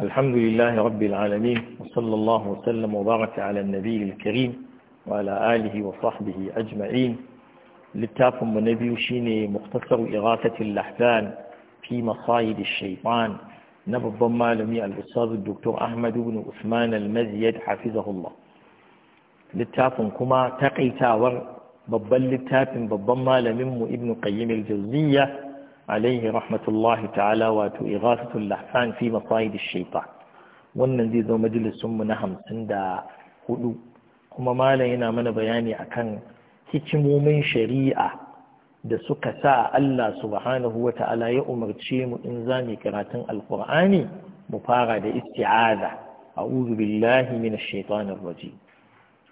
الحمد لله رب العالمين وصلى الله وسلم وبارك على النبي الكريم وعلى آله وصحبه أجمعين للتاف النبي شيني مختصر إغاثة اللحفان في مصايد الشيطان نبض مالمي الأستاذ الدكتور أحمد بن عثمان المزيد حفظه الله للتاف كما تقيتا تاور ببال للتاف ببما لمم ابن قيم الجوزية alaihi rahmatullahi ta'ala wato ighasatul lahfan fi masayid ash-shaytan wannan zai zo majalisun mu na hudu kuma malam yana mana bayani akan hikimomin shari'a da suka sa Allah subhanahu wa ta'ala ya umarce mu in za mu karatun alqur'ani mu fara da isti'aza a'udhu billahi minash shaitanir rajim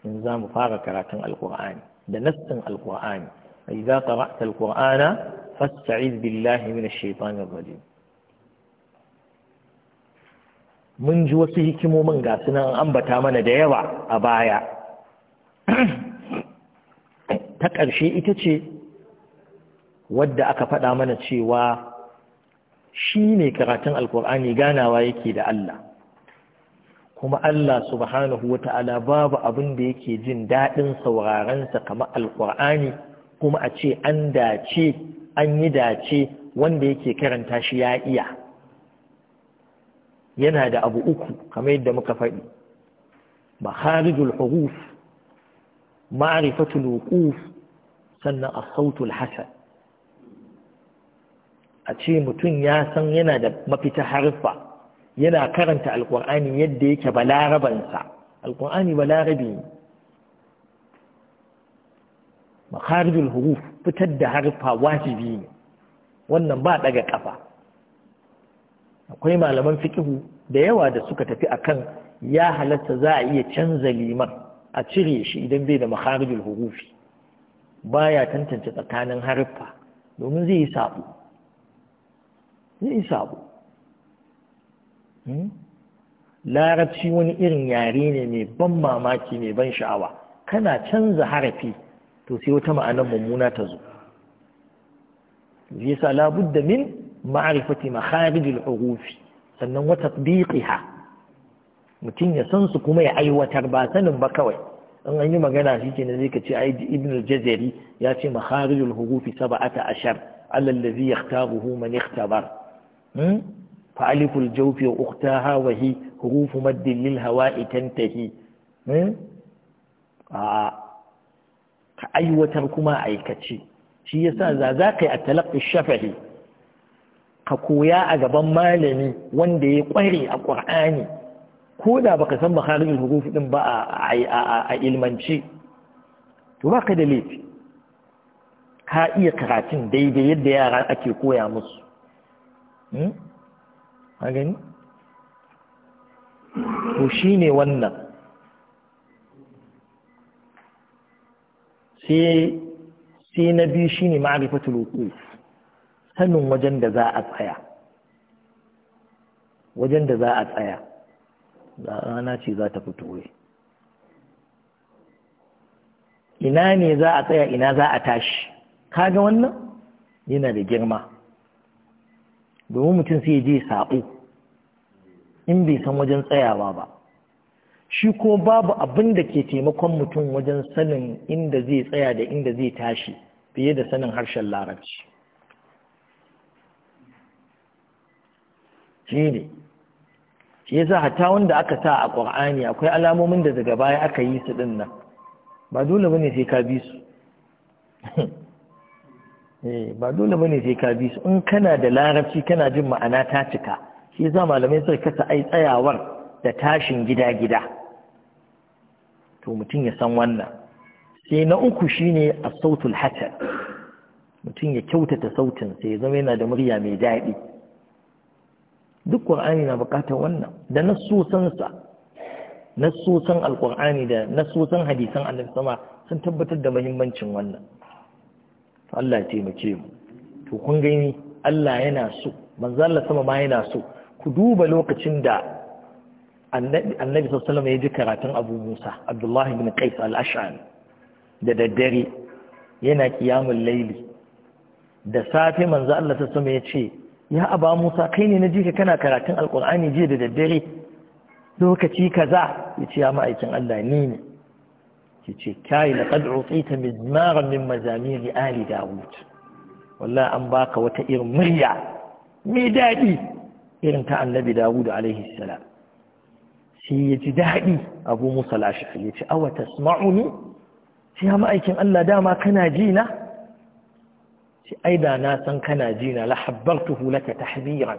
in za mu fara karatun alqur'ani da nassin alqur'ani idza qara'ta alqur'ana فاستعذ billahi من الشيطان الرجيم mun ji wasu hikimomin ga sunan ambata mana da yawa a baya ta ƙarshe ita ce wadda aka faɗa mana cewa shi ne karatun alkur'ani ganawa yake da Allah kuma Allah subhanahu wa ta'ala babu abin da yake jin daɗin saurarensa kamar alkur'ani kuma a ce an dace an yi dace wanda yake karanta shi ya iya yana da abu uku kamar yadda muka faɗi harijul huruf ma'arifatul wuquf sannan a sautul hasan a ce mutum ya san yana da mafita harfa yana karanta alkur'ani yadda yake balarabansa alkur'ani balarabi ne makarijul huruf fitar da harfa wajibi ne wannan ba daga kafa akwai malaman fikihu da yawa da suka tafi akan ya halatta za a iya canza liman a cire shi idan bai da makarijul hurufi baya tantance tsakanin harfa domin zai yi sabo zai yi sabo hmm? larabci wani irin yare ne mai ban mamaki mai ban sha'awa kana canza harafi to sai wata ma'anar mummuna ta zo yasa labudda min ma'rifati makharijul hurufi sannan wa tatbiqiha mutum ya san su kuma ya aiwatar ba sanin ba kawai in an yi magana shi ke zai ka ce ibn al-jazari ya ce makharijul hurufi sab'ata ashar alal ladhi yaktabuhu man ikhtabar hmm? fa aliful jawfi wa ukhtaha wa hi hurufu maddin lil hawa'i tantahi hmm? a ka aiwatar kuma aikace shi yasa za za ka yi a talaqqi shafahi ka koya a gaban malami wanda ya kware a Ƙur'ani ko da baka san makharijul huruf din ba a ilmanci to ba ka da laifi ka iya karatun daidai yadda yara ake koya musu hmm? gani to shi ne wannan sai sai na biyu ne ma'arifatul wuquf sanin wajen da za a tsaya wajen da za a tsaya da rana ce za ta fito ina ne za a tsaya ina za a tashi kaga wannan yana da girma domin mutum sai je saɓo in bai san wajen tsayawa ba shi ko babu abin da ke taimakon mutum wajen sanin inda zai tsaya da inda zai tashi fiye da sanin harshen larabci shi ne shi yasa hatta wanda aka sa a ƙwar'ani akwai alamomin da daga baya aka yi su ɗin nan ba dole bane sai ka bi su eh, ba dole bane sai ka bi su in kana da larabci kana jin ma'ana ta cika shi yasa malamai sai kasa ai tsayawar da tashin gida-gida to mutum ya san wannan sai na uku shine a sautul hata mutum ya kyautata sautin sai ya zama yana da murya mai daɗi duk ƙwar'ani na buƙatar wannan da nassosan na nassosan da nassosan hadisan annabi sun tabbatar da mahimmancin wannan to Allah ya taimake mu to kun gani Allah yana so manzo Allah sama ma yana so ku duba lokacin da annabi sallallahu ya ji karatun Abu Musa Abdullahi ibn Qais al-Ash'ari da daddare yana qiyamul laili da safe manzo Allah sallallahu ya ce ya Aba Musa kai ne ji ka kana karatun alkur'ani jiya da daddare lokaci kaza yace ya ma'aikin Allah ni ne ce kai laqad utita mizmaran min mazamir ali daud wallahi an baka wata irin murya mai daɗi irin ta annabi Dawud alaihi salam sai ya ji daɗi abu musa lashafi ya ce awa ta sma'uni sai ya ma'aikin Allah dama kana ji na sai aida na san kana ji na lahabbartuhu ta tahziran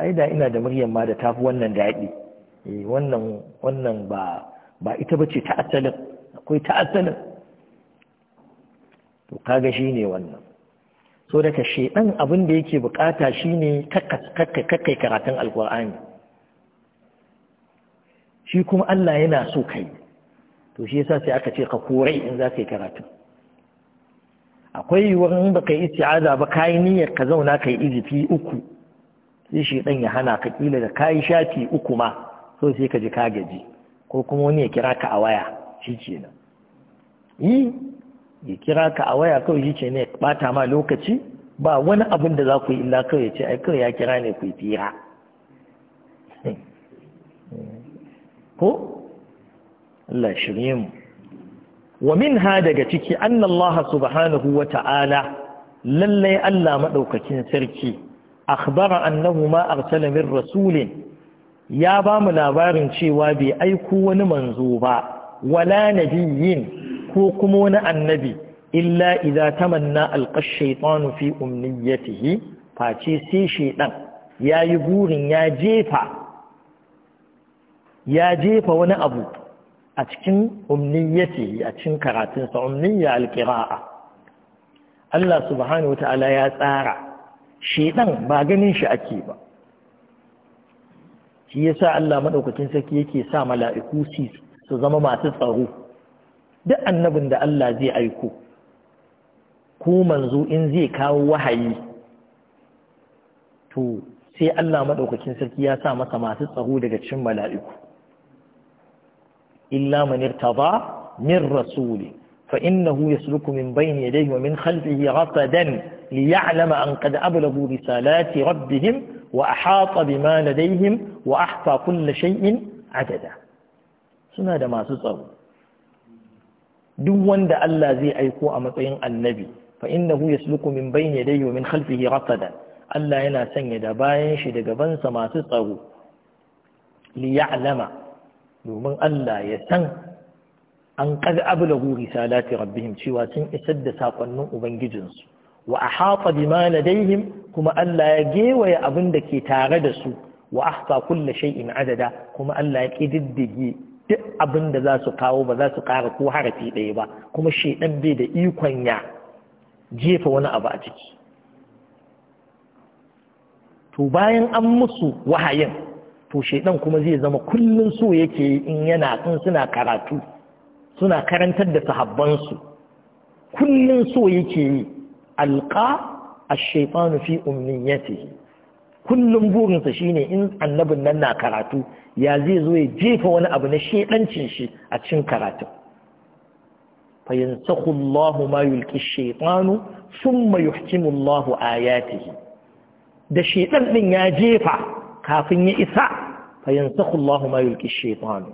aida ina da muryar ma da tafi wannan daɗi eh, wannan wannan ba ba ita bace ta asalin akwai ta asalin to kaga ne wannan so daga shedan abin da yake bukata shine kakkai karatun alkur'ani shi kuma Allah yana so kai to shi yasa sai aka ce ka korai in za ka yi karatu akwai yiwuwar in baka yi isti'aza ba kayi niyyar ka zauna kai izifi uku sai shi dan ya hana ka kila da kayi shafi uku ma so sai ka ji ka gaji ko kuma wani ya kira ka a waya shi nan yi ya kira ka a waya kawai shi ce ne bata ma lokaci ba wani abin da za ku yi illa kawai ya ce ai kawai ya kira ne ku yi fira ko Allah shirye wa minha daga ciki anna Allah subhanahu wa ta'ala lallai Allah maɗaukakin sarki akhbara annahu ma arsala min rasulin ya ba mu labarin cewa bai aiko wani manzo ba wala nabiyyin ko kuma wani annabi illa idza tamanna alqa shaytanu fi umniyatihi face sai shaydan yayi burin ya jefa ya jefa wani abu a cikin umniyyati a cikin karatunsa umniyya alƙira'a Allah subhanahu wa ta'ala ya tsara shedan ba ganin shi ake ba shi yasa Allah madaukakin sarki yake sa mala'iku su zama masu tsaro duk annabin da Allah zai aiko ko manzo in zai kawo wahayi to sai Allah madaukakin sarki ya sa masa masu tsaro daga cikin mala'iku illa man irtada min rasuli fa innahu yasluku min bayni yadayhi wa min khalfihi rasadan liya'lama an qad ablagu risalati rabbihim wa ahata bima ladayhim wa ahsa kulla shay'in adada suna da masu tsaro duk wanda Allah zai aiko a matsayin annabi fa innahu yasluku min bayni yadayhi wa min khalfihi rasadan Allah yana sanya da bayan shi da gabansa masu tsaro liya'lama domin Allah ya san an da guri risalati rabbihim cewa sun isar da saƙonnin ubangijinsu wa a ahata bima daihim kuma Allah ya gewaye abin da ke tare da su wa a ahsa kulle shai'in adada kuma Allah ya ƙididdige duk abin da za su kawo ba za su ƙara ko harafi ɗaya ba kuma shaiɗan bai da ikon ya jefa wani abu a ciki to bayan an musu wahayin to shaidan kuma zai zama kullum so yake in yana in suna karatu suna karantar da sahabbansu kullum so yake yi alqa ash-shaytanu fi umniyatihi kullum burinsa shine in annabin nan na karatu ya zai zo ya jefa wani abu na shaidancin shi a cikin karatu fa yansakhu Allahu ma yulqi ash-shaytanu thumma yuhkimu Allahu ayatihi da shaidan din ya jefa kafin ya isa fa yansakhu Allahu ma yulqi shaytan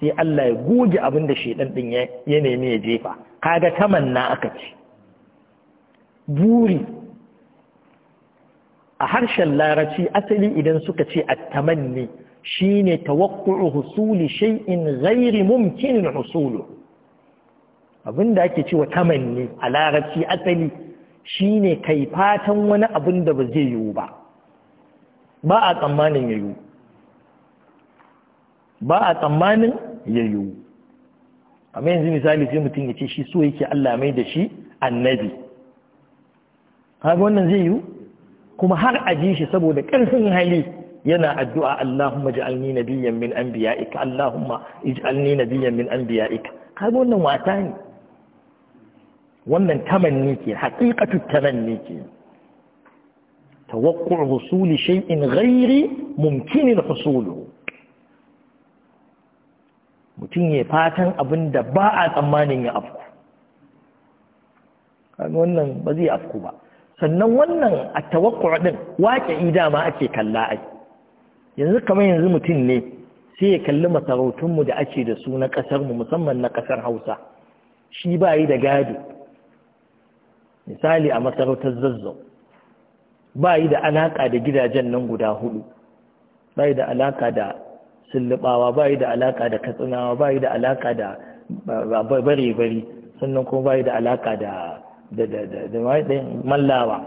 sai Allah ya goge abin da shaytan din ya nemi ya jefa kaga tamanna aka ce buri a harshen larabci asali idan suka ce at-tamanni shine tawaqqu'u husuli shay'in ghairi mumkinin husulu abinda ake cewa tamanni a larabci asali shine kai fatan wani abin da ba zai yiwu ba ba a tsammanin ya yiwu ba a tsammanin ya yiwu amma yanzu misali sai mutum ya ce shi so yake Allah mai da shi annabi haka wannan zai yi kuma har a ji shi saboda ƙarfin hali yana addu'a Allahumma na biyan min an biya ika Allahumma na biyan min an biya ika kaga wannan wata ne wannan tamanni ke haqiqatu tamanni ke توقع حصول شيء غير ممكن حصوله mutum ya fatan abin da ba a tsammanin ya afku wannan ba zai afku ba sannan wannan a tawakkur din waƙe idama ake kalla ai yanzu kamar yanzu mutum ne sai ya kalli masarautunmu da ake da su na ƙasarmu musamman na ƙasar hausa shi ba yi da gado misali a masarautar zazzau ba yi da alaƙa da gidajen nan guda hudu ba yi da alaƙa da sullubawa ba yi da alaƙa da katsinawa ba yi da alaƙa da bare-bare sannan kuma ba yi da alaƙa da mallawa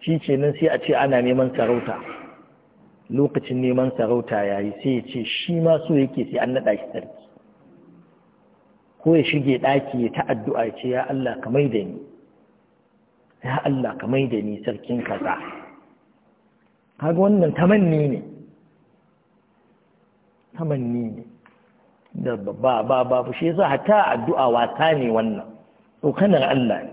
shi ce nan sai a ce ana neman sarauta lokacin neman sarauta ya yi sai ya ce shi ma so yake sai an naɗa shi sarki ko ya shige ɗaki ya ta addu'a ya ce ya Allah ka mai da ni ya Allah ka mai da ni sarkin kaza kaga wannan tamanni ne tamanni ne da ba ba ba shi yasa hatta addu'a wata ne wannan tsokanar Allah ne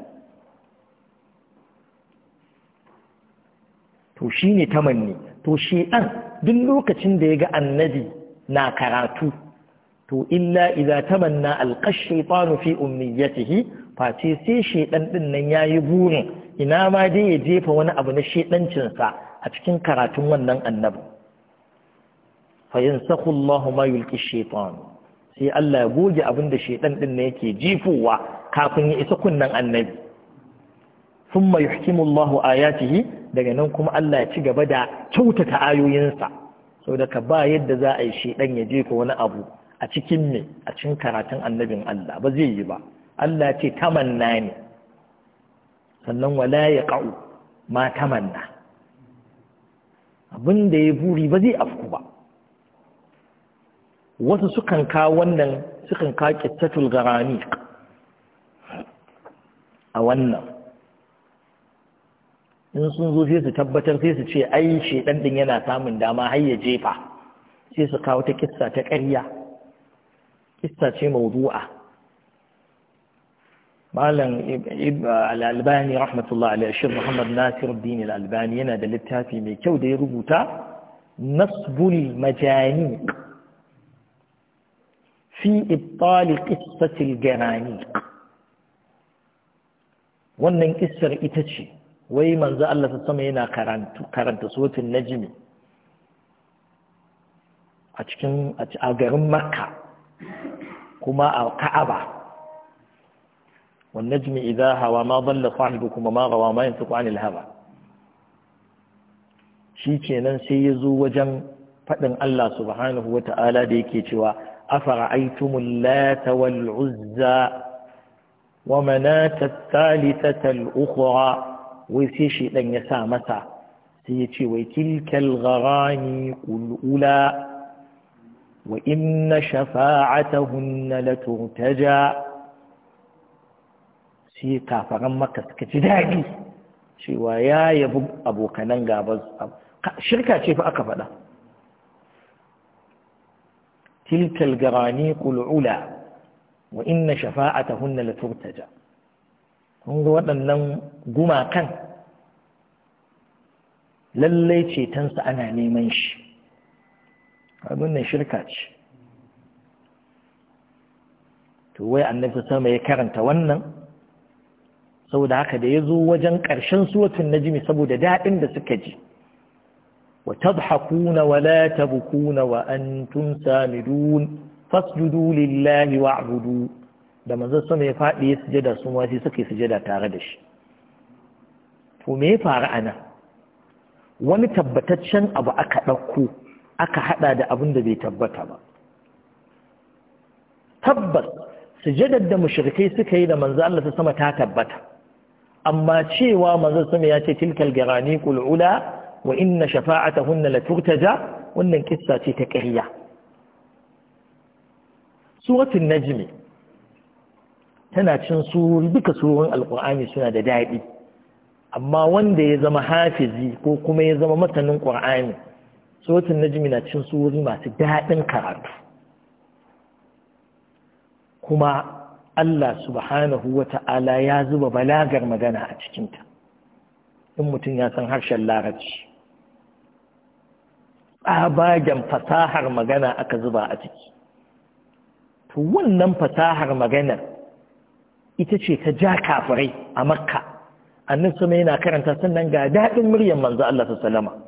to shine tamanni to shi dan duk lokacin da ya ga annabi na karatu to illa idza tamanna alqashaytanu fi umniyatihi face sai shedan din nan yayi burin ina ma dai ya jefa wani abu na shedancin sa a cikin karatun wannan annabi fa yansakhu Allahu ma yulqi shaytan sai Allah ya goge abin da shedan din yake jifowa kafin ya isa kunnan annabi thumma yuhkimu Allahu ayatihi daga nan kuma Allah ya ci gaba da kyautata ayoyinsa saboda ka ba yadda za a yi shedan ya jefa wani abu a cikin me a cikin karatun annabin Allah ba zai yi ba Allah ce tamanna ne sannan wala ya kau ma tamanna abin da ya buri ba zai afku ba wasu sukan kawo wannan sukan ka kittatul garani a wannan in sun zo sai su tabbatar sai su ce ai shedan din yana samun dama har ya jefa sai su kawo ta kissa ta ƙarya Ista ce mawdu'a malam al-albani rahmatullah alaihi shir muhammad nasir din al-albani yana da littafi mai kyau da ya rubuta nasbul majani fi ibtal qissat al-garani wannan kissar ita ce wai manzo Allah ta sama yana karanta karanta suratul najmi a cikin a garin makka kuma a ka'aba والنجم إذا هوى ما ضل ma وما غوى ما ينطق عن الهوى shikenan sai yazo wajen fadin Allah subhanahu wataala da yake cewa afara'aytumul lata wal uzza wa manata thalithata al ukhra wai sai shi dan ya sa mata sai ya ce wai tilkal gharani qul ula وإن شفاعتهن لترتجى sai kafaran maka suka ji daɗi cewa ya yabi abokanan gabas shirka ce fa aka faɗa tilkal garani kul'ula wa inna huna la turtaja kun ga waɗannan gumakan lallai cetonsa ana neman shi abin nan shirka ce to wai annabi sama ya karanta wannan saboda haka da ya zo wajen ƙarshen na jimi saboda daɗin da suka ji wa tadhakuna wa la tabkuna wa antum samidun fasjudu lillahi wa'budu da manzon sama ya faɗi ya sujada su ma suka yi sujada tare da shi to me ya faru anan wani tabbataccen abu aka ɗauko aka hada da abin da bai tabbata ba tabbas sujadar da mushrikai suka yi da manzo Allah ta sama ta tabbata amma cewa manzo sama ya ce tilkal garani qul ula wa inna shafa'atahunna la turtaja wannan kissa ce ta ƙarya suratul najmi tana cin su duka surorin alqur'ani suna da daɗi. amma wanda ya zama hafizi ko kuma ya zama masanin qur'ani suratul na na cin surori masu daɗin karatu kuma Allah subhanahu wa ta'ala ya zuba balagar magana a cikinta in mutum ya san harshen larabci tsabagen fasahar magana aka zuba a ciki to wannan fasahar maganar ita ce ta ja kafirai a makka annin sama yana karanta sannan ga daɗin muryar manzo Allah ta salama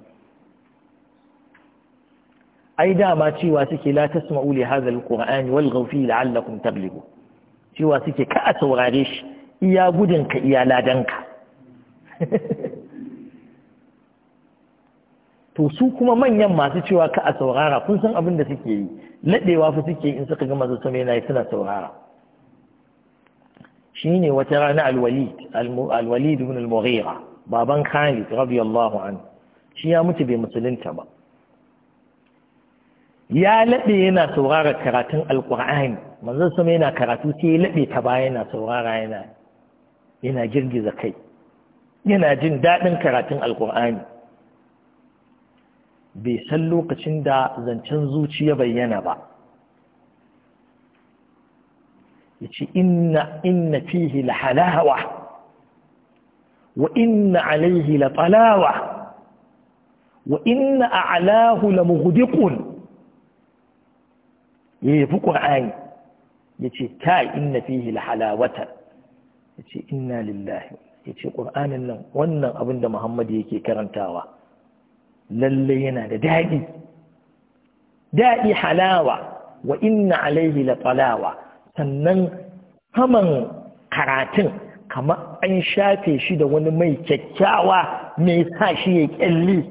ai dama cewa suke la tasma'u li hadha alquran wal ghawfi la'allakum tablighun cewa suke ka a saurare shi iya gudun ka iya ka, to su kuma manyan masu cewa ka a saurara kun san abin da suke yi laɗewa fa suke in suka gama su yana suna saurara shi ne wata rana alwalid alwalid ibn al baban khalid radiyallahu anhu shi ya mutu bai musulunta ba ya laɓe yana saurara karatun alƙur'ani manzon sama yana karatu sai ya laɓe ta baya yana saurara yana yana girgiza kai yana jin daɗin karatun alƙur'ani bai san lokacin da zancen zuciya bayyana ba ya ce inna inna fihi la halawa wa inna alaihi la talawa wa inna a'lahu la mughdiqun ya yafi ƙur'ani ya ce ta inna fihi halawata ya ce inna lillahi ya ce ƙur'anin nan wannan abin da muhammadu yake karantawa lalle yana da daɗi daɗi halawa wa inna alaihi la talawa sannan haman karatun kama an shafe shi da wani mai kyakkyawa mai sa shi ya kyalli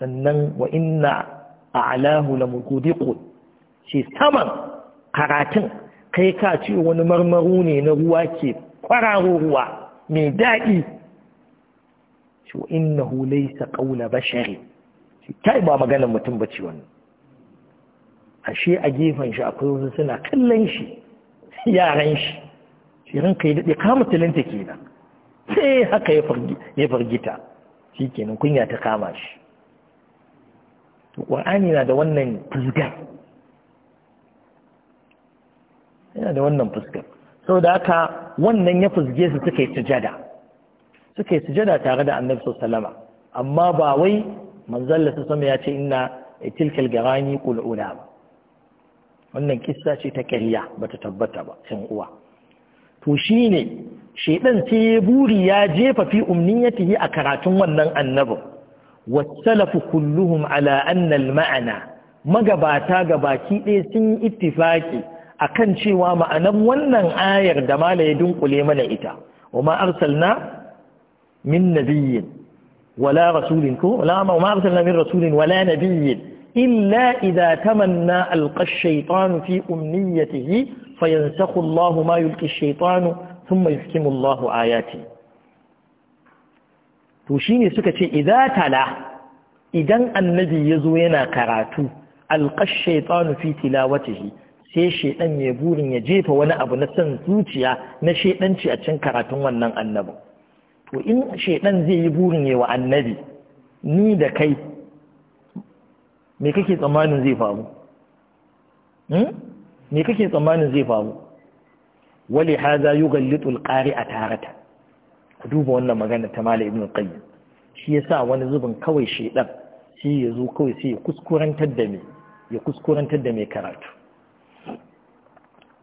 sannan wa inna a a'lahu la ƙudu ce saman karatun kai ka ce wani marmaru ne na ruwa ke kwararo ruwa mai daɗi shi hulai sa qawla bashari yi ba maganin mutum ba ce wani. ashe a gefen shi akwai wasu suna kallon shi yaran shi shi ranka ya daɗe kama talinta kenan sai haka ya fargita shi kenan kunya ta kama shi ƙwar'ani na da wannan fuzgar yana da wannan fuskar Sau da haka wannan ya fusge su suka yi sujada suka yi sujada tare da annabi salama amma ba wai manzalla su sama ya ce inna tilkal garani ƙul'ula ba wannan kisa ce ta ƙarya ta tabbata ba ɗan uwa to shine shaiɗan ce ya buri ya jefa fi umniyatihi a karatun wannan annabin wasalafu kulluhum ala anna ma'ana magabata gabaki ɗaya sun yi ittifaqi akan cewa ma'anar wannan ayar da mala ya dunkule mana ita wa ma arsalna min nabiyyin wala rasulin ko wala ma arsalna min rasulin wala nabiyyin illa idza tamanna alqa ash-shaytanu fi umniyatihi fayansakhu Allahu ma yulqi ash-shaytanu thumma yuhkimu Allahu to shine suka ce idza tala idan annabi yazo yana karatu alqa ash-shaytanu fi tilawatihi sai shaidan ya burin ya jefa wani abu na son zuciya na shaidanci a cikin karatun wannan annabin to in shaidan zai yi burin ya wa annabi ni da kai me kake tsammanin zai faru hmm? me kake tsammanin zai faru wali haza yughallitul a tarata ku duba wannan magana ta malam ibn qayyim shi yasa wani zubin kawai shaidan shi ya zo kawai sai ya kuskurantar da me ya kuskurantar da me karatu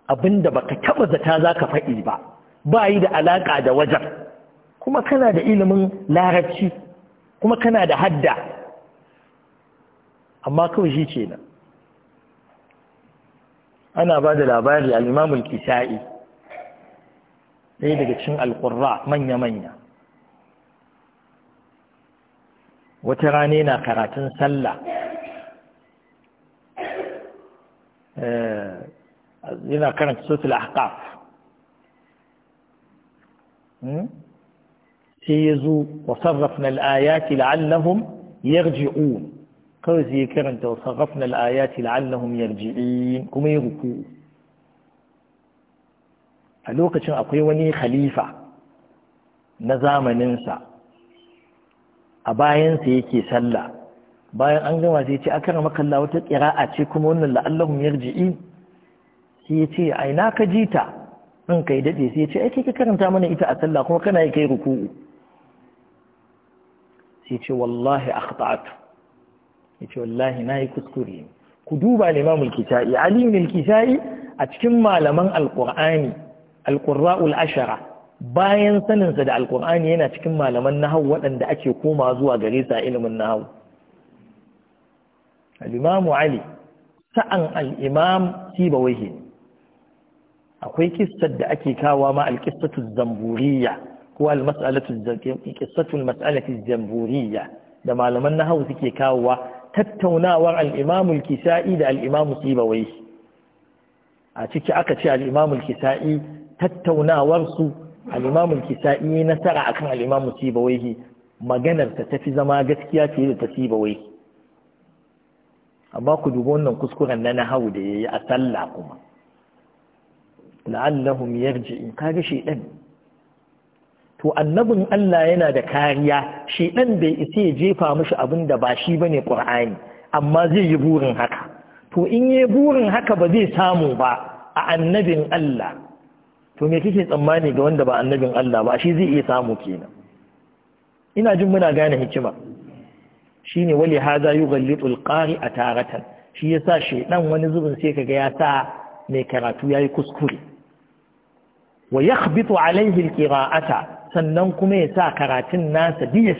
abinda baka taɓa zata zaka faɗi ba ba yi da alaƙa da wajen kuma kana da ilimin larabci kuma kana da hadda amma kawai shi kenan ana ba da labari al'imamul kisa'i ɗaya daga cin alƙurra manya-manya wata rane na karatun sallah eh, yana karanta suratul ahqaf hmm? sai ya zo wa sarrafna al la'allahum yarji'un kawai sai ya karanta wa sarrafna al la'allahum yarji'un kuma ya ruku a lokacin akwai wani khalifa na zamaninsa a bayansa yake sallah bayan an gama sai ce akara makalla wata ƙira'a ce kuma wannan la'allahum yarji'in sai ya ce ai na ka ji ta in kai daɗe sai ya ce ai kai ka karanta mana ita a sallah kuma kana yi kai ruku'u sai ya ce wallahi akhta'tu ya ce wallahi na yi kuskure ku duba limamul kisa'i alimin al a cikin malaman alqur'ani alqurra'ul ashara bayan saninsa da alqur'ani yana cikin malaman nahau waɗanda ake koma zuwa gare sa ilimin nahau al-imamu ali sa'an al-imam sibawayhi akwai kissar da ake kawo ma alƙissatu zamburiya ko almas'alatu qissatu almas'alati zamburiya da malaman nahwu suke kawowa tattaunawar al-imam al-kisa'i da al-imam sibawai a ciki aka ce al-imam al-kisa'i tattaunawar su al al-kisa'i nasara akan al-imam sibawai maganar ta tafi zama gaskiya fiye da ta sibawai amma ku dubi wannan kuskuren na nahwu da yayi a sallah kuma la'allahum yarji'un shi shedan to annabin Allah yana da kariya shaiɗan bai isa ya jefa mishi abin da ba shi bane qur'ani amma zai yi burin haka to in yi burin haka ba zai samu ba a annabin Allah to me kike tsammani ga wanda ba annabin Allah ba shi zai iya samu kenan ina jin muna gane hikima shine wali hadha yughallitul qari'a taratan shi yasa shedan wani zubin sai kaga ya sa mai karatu yayi kuskure wa yakhbitu alaihi alqira'ata sannan kuma ya sa karatun nasa duk ya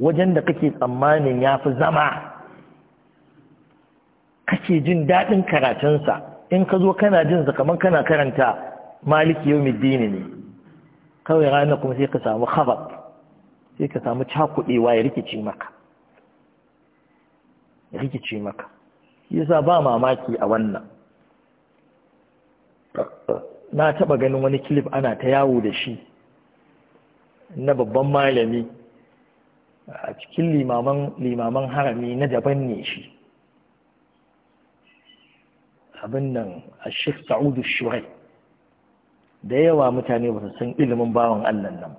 wajen da kake tsammanin ya fi zama kake jin daɗin karatunsa in ka zo kana jin sa kamar kana karanta maliki yawmiddini ne kawai ranar kuma sai ka samu khabar sai ka samu cakuɗewa ya rikice maka ya rikice maka yasa ba mamaki a wannan na taɓa ganin wani kilif ana ta yawo da shi na babban malami a cikin limaman harami na daban ne shi abin nan a sheikh sa'udu shurai da yawa mutane ba su san ilimin bawan allah nan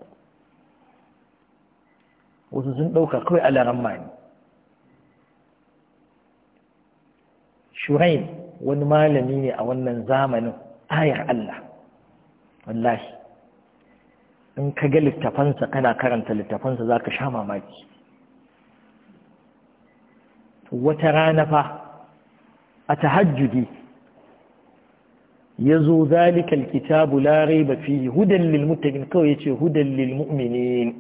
wasu sun ɗauka kawai alaran mani. shurain wani malami ne a wannan zamanin ayar Allah wallahi in ka ga littafansa kana karanta littafansa za ka sha mamaki wata rana fa a tahajjudi ya zo zalikal kitabu larai ba fi hudan lilmuttaqin kawai ya ce hudan lilmu'minin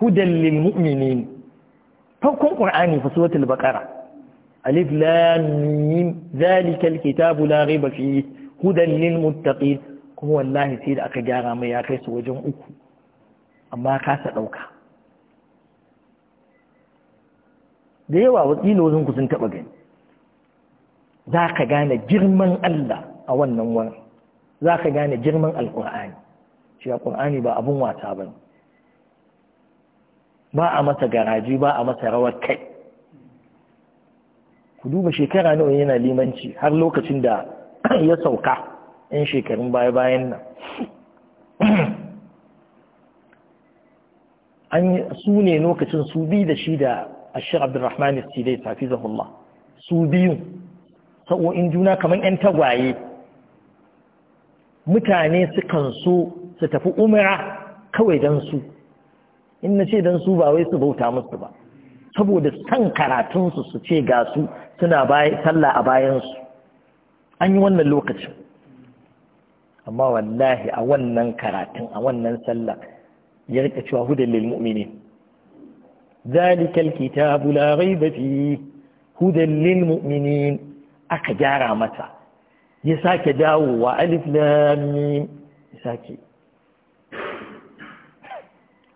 hudan lilmu'minin farkon ƙur'ani fa suratul baƙara. alif lam zalika alkitabu la raiba fihi hudan lil muttaqin kuma wallahi sai da aka gyara mai ya kai su wajen uku amma kasa ɗauka. da yawa wakilo wajen ku sun taba gani za ka gane girman Allah a wannan wurin za ka gane girman alkur'ani shi alkur'ani ba abun wasa ba ba a masa garaji ba a masa rawar kai ku duba shekara nawa yana limanci har lokacin da ya sauka yan shekarun baya-bayan nan an su ne lokacin su bi da shi da ashir abdurrahman safi safizahullah su biyu sa'o'in juna kamar 'yan tagwaye mutane sukan so su tafi umara kawai don su in na ce don su ba wai su bauta musu ba saboda san karatunsu su ce ga su suna sallah a bayansu an yi wannan lokacin amma wallahi a wannan karatun a wannan sallah ya rika cewa hudan lil mu'minin zalikal kitabu la raiba fi hudan lil aka gyara mata ya sake dawowa alif lam ya sake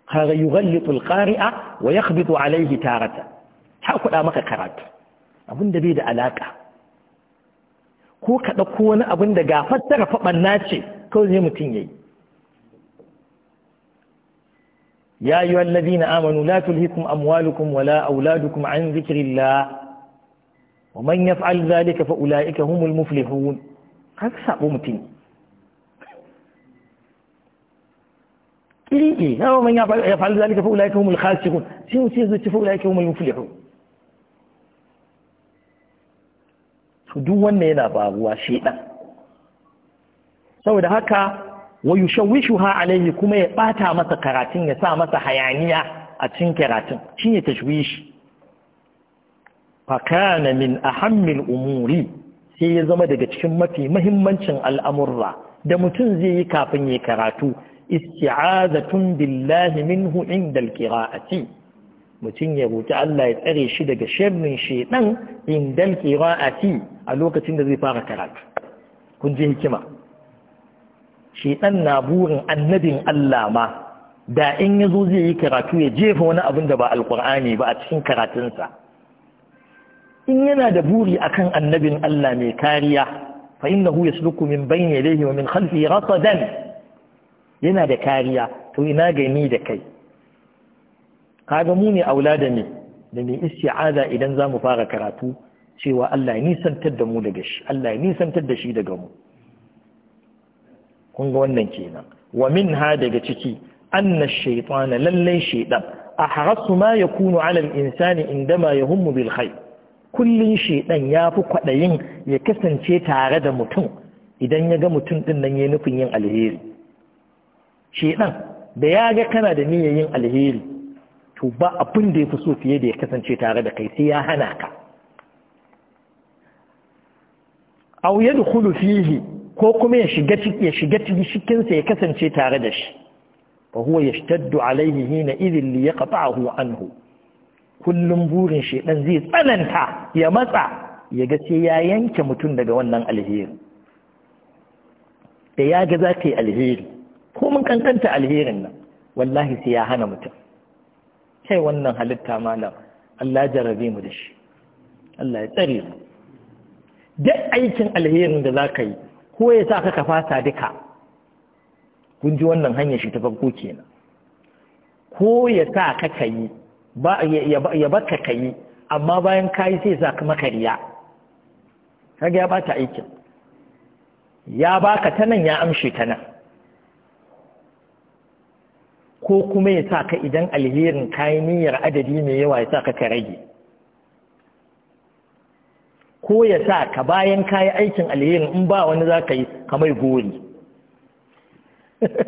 har yughallitu al qari'a wa yakhbitu alayhi tarata ha kuɗa maka karatu abinda bai da alaka ko ka dauko wani abin da gafar ta banna ce kawai zai mutun yayi ya yi wallazi amanu la tulhikum amwalukum wala auladukum an zikrillah wa man yaf'al zalika fa ulaika humul muflihun har sabo mutun kiri ne ya man yaf'al zalika fa ulaika humul khasirun shi mutum zai ci fa ulaika humul muflihun duk wannan yana faruwa shi ɗan. saboda haka wa ha alaihi kuma ya ɓata masa karatun ya sa masa hayaniya a cin karatun shine tashwishi fa min ahammil umuri sai ya zama daga cikin mafi mahimmancin al'amurra da mutum zai yi kafin ya karatu isti'azatun billahi minhu indal al mutum ya roƙi Allah ya tsare shi daga sharrin shaidan indal qira'ati a lokacin da zai fara karatu kun ji hikima shaiɗan na burin annabin Allah ma da in yazo zai yi karatu ya jefa wani abin da ba alqur'ani ba a cikin karatunsa in yana da buri akan annabin Allah mai kariya fa innahu yasluku min bayni yadayhi wa min khalfihi rasadan yana da kariya to ina gani da kai kaga mu ne aulada da ne da mai isti'aza idan za mu fara karatu cewa Allah ya nisantar da mu daga shi Allah ya nisantar da shi daga mu kun ga wannan kenan wa min ha daga ciki anna shaytana lallai shaytan ahrasu ma yakunu ala al-insani indama yahummu bil khair kullun shaytan yafi kwadayin ya kasance tare da mutum idan ya ga mutum din nan yayin nufin yin alheri shaytan da ya ga kana da niyyar yin alheri to ba abin da ya fi so fiye da ya kasance tare da kai sai ya hana ka aw Kulu fihi ko kuma ya shiga cikinsa ya kasance tare da shi ba huwa yashtaddu alayhi hina idhin li yaqta'ahu anhu kullum burin shi ɗan zai tsananta ya matsa ya ga sai ya yanke mutum daga wannan alheri da ya ga za ka yi alheri ko mun kankanta alherin nan wallahi sai ya hana mutum kai wannan halitta malam Allah jarabe mu da shi Allah ya tsare mu duk aikin alherin da za ka yi ko ya sa ka kafasa duka kun ji wannan hanyar shi ta farko kenan ko ya sa ka kai ba ya ka kayi amma bayan kayi sai za ka makariya kaga ya bata aikin ya baka ta nan ya amshe ta nan ko kuma ya sa ka idan alherin kayan niyyar adadi mai yawa ya sa ka ka rage ko ya sa ka bayan kayi aikin alherin in ba wani za ka yi kamar gori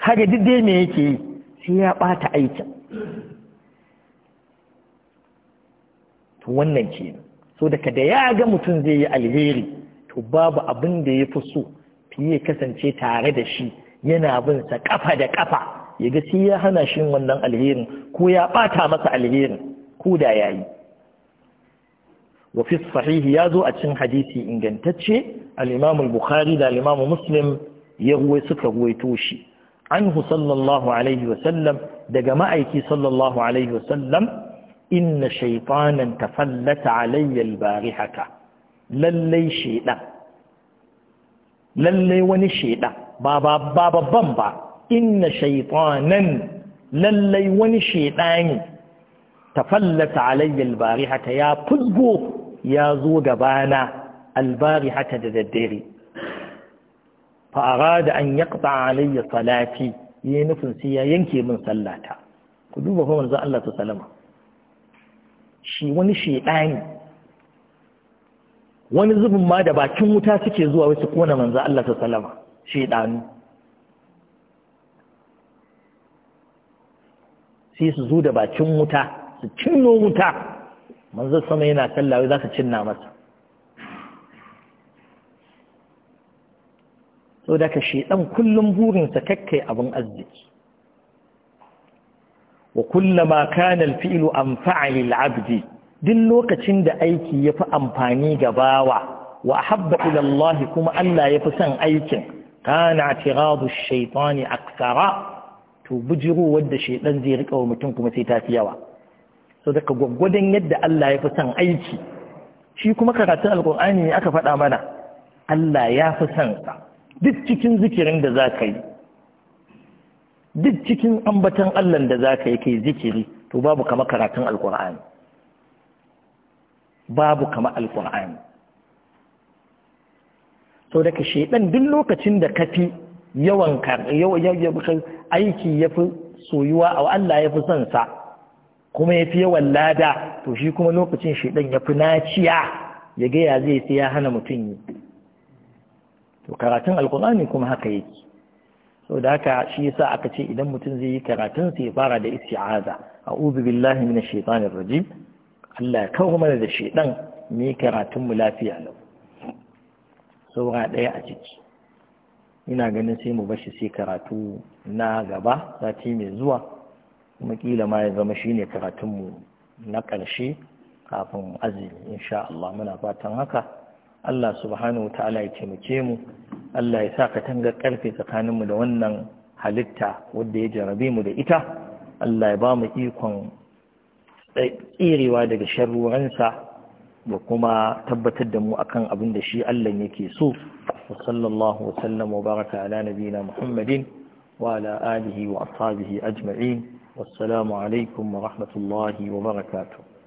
Haga duk dai me yake yi sai ya ɓata aikin to wannan ke so daga da ya ga mutum zai yi alheri to babu abin da ya fi so fiye kasance tare da shi yana binsa ƙafa da ƙafa ya ga sai ya hana shi wannan alherin ko ya bata masa alherin ko da yayi wa fi ya zo a cikin hadisi ingantacce al bukhari da al Muslim ya ruwai suka ruwaito shi anhu sallallahu alaihi wa sallam daga ma'aiki sallallahu alaihi wa sallam inna shaytanan tafallata alayya bari haka lallai shaydan lallai wani shaiɗa ba babban ba inna shaytanan lallai wani shaydani tafallata alayya albarihata ya fuzgo ya zo gabana albarihata da daddare fa da an yaqta alayya salati yayin nufin sai ya yanke min sallata ku duba fa manzo Allah ta salama shi wani shaidani wani zubin ma da bakin wuta suke zuwa wasu kona manzo Allah ta salama ɗanu, sai su zo da bakin wuta su cinno wuta manzo sama yana kallawa za su cinna masa Sau da ka shaidan kullum burinsa kakkai abin arziki wa kullum kana alfi'lu anfa'a lil 'abdi duk lokacin da aiki yafi amfani ga bawa wa habba Allah kuma Allah yafi son aikin kana atiradu shaitani aksara to bujiru wadda shaitan zai rika wa mutum kuma sai ta fi yawa so daga gwaggwadon yadda Allah ya fi son aiki shi kuma karatun alkur'ani ne aka faɗa mana Allah ya fi son sa duk cikin zikirin da za ka yi duk cikin ambatan Allah da za ka yi kai zikiri to babu kama karatun alkur'ani babu kama alkur'ani sau daga shaidan duk lokacin da ka fi yawan aiki ya fi soyuwa a Allah ya fi son sa kuma ya fi yawan lada to shi kuma lokacin shaidan ya fi naciya ya gaya zai sai ya hana mutum yi to karatun alkur'ani kuma haka yake sau da haka shi yasa aka ce idan mutum zai yi karatun sai ya fara da isti'aza a'udhu billahi minash shaitanir rajim Allah ya kawo mana da shaidan mu yi karatun mu lafiya lau saura ɗaya a ciki ina ganin sai mu bashi sai karatu na gaba sati mai zuwa kuma kila ma ya zama shine karatunmu na ƙarshe kafin azumi insha Allah muna fatan haka Allah subhanahu wa ta'ala ya taimake mu Allah ya sa ka tanga karfe tsakaninmu da wannan halitta wanda ya jarabe mu da ita Allah ya ba mu ikon tsirewa daga sharruwansa da kuma tabbatar da mu akan abin da shi Allah yake so wa sallallahu wa wa baraka ala nabiyina Muhammadin wa ala alihi wa ashabihi ajma'in wassalamu alaikum wa rahmatullahi wa barakatuh